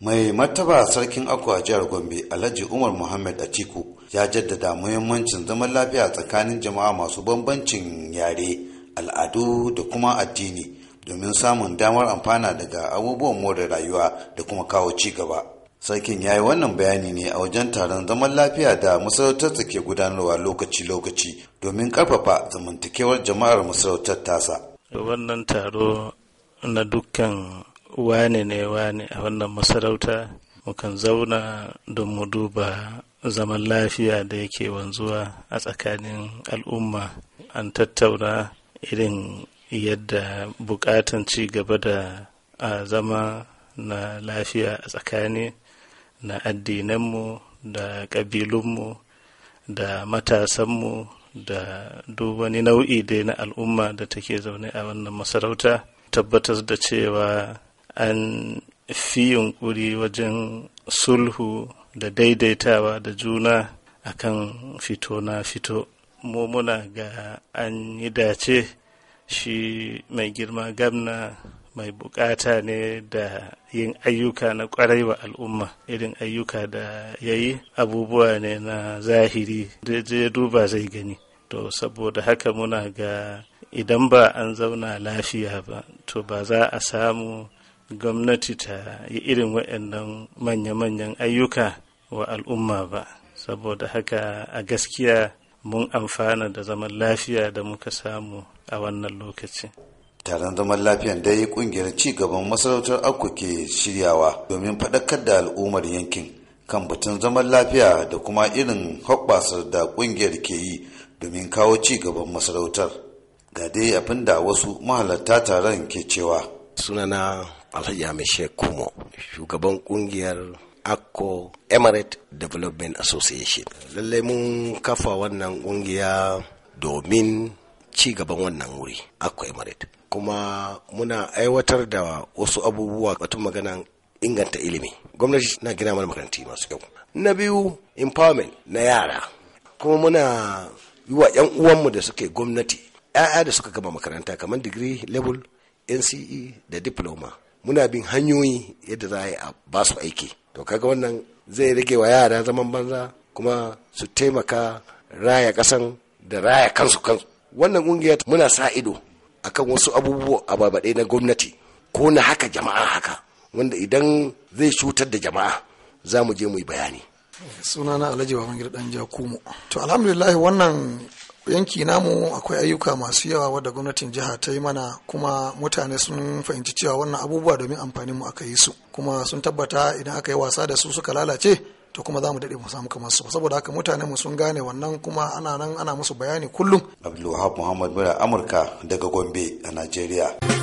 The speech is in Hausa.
mai martaba sarkin akwa jihar gombe alhaji umar muhammad atiku ya jaddada muhimmancin zaman lafiya tsakanin jama'a masu bambancin yare al'adu da kuma addini domin samun damar amfana daga abubuwan more rayuwa da kuma kawo ci gaba sarkin ya yi wannan bayani ne a wajen taron zaman lafiya da masarautar masarautarsa ke gudanarwa lokaci-lokaci domin karfafa zamantakewar jama'ar masarautar tasa wannan taro na dukkan wane ne wane a wannan masarauta mukan zauna don mu duba zaman lafiya da yake wanzuwa a tsakanin al'umma an tattauna irin yadda bukatan ci gaba da a zama na lafiya a tsakani na addinanmu da ƙabilunmu da matasanmu da duk wani nau'i dai na al'umma da take zaune a wannan masarauta tabbatar da cewa an fi yunkuri wajen sulhu da daidaitawa da juna akan fito na fito mu muna ga an yi dace shi mai girma gamna mai bukata ne da yin ayyuka na kwarai wa al'umma irin ayyuka da ya yi abubuwa ne na zahiri je duba zai gani to saboda haka muna ga idan ba an zauna lafiya ba to ba za a samu gwamnati ta yi irin waɗannan manya-manyan ayyuka wa al'umma ba saboda haka a gaskiya mun amfana da zaman lafiya da muka samu a wannan lokaci. taron zaman lafiyan yi kungiyar ci gaban masarautar akwai ke shiryawa domin faɗakar da al'ummar yankin kan batun zaman lafiya da kuma irin hoɓɓasar da kungiyar ke yi domin kawo ci gaban masarautar ga dai abin da wasu mahalarta taron ke cewa sunana alhaji ahmed sheikh kumo shugaban kungiyar akko emirate development association lallai mun kafa wannan kungiya domin ci gaban wannan wuri akko emirate kuma muna aiwatar da wasu abubuwa batun magana inganta ilimi gwamnati na gina mana makaranti masu kyau na biyu empowerment na yara kuma muna yi wa 'yan uwanmu da suke gwamnati 'ya'ya da suka gama makaranta kamar digiri level nce da diploma muna bin hanyoyi yadda za a yi a ba su aiki to kaga wannan zai rage wa yara zaman banza kuma su taimaka raya kasan da raya kansu kansu wannan kungiya muna sa ido akan wasu abubuwa ababade na gwamnati ko na haka jama'a haka wanda idan zai cutar da jama'a za mu je mu yi bayani sunana alhaji wa mangir dan jakumu to alhamdulillah wannan yanki namu akwai ayyuka masu yawa wadda gwamnatin jiha ta yi mana kuma mutane sun fahimci cewa wannan abubuwa domin amfanin mu aka yi su kuma sun tabbata idan aka yi wasa da su suka lalace to kuma za mu daɗe mu samu kamar su saboda haka mutanen mu sun gane wannan kuma ana nan ana musu bayani kullum abdulwahab muhammad mura amurka daga gombe a najeriya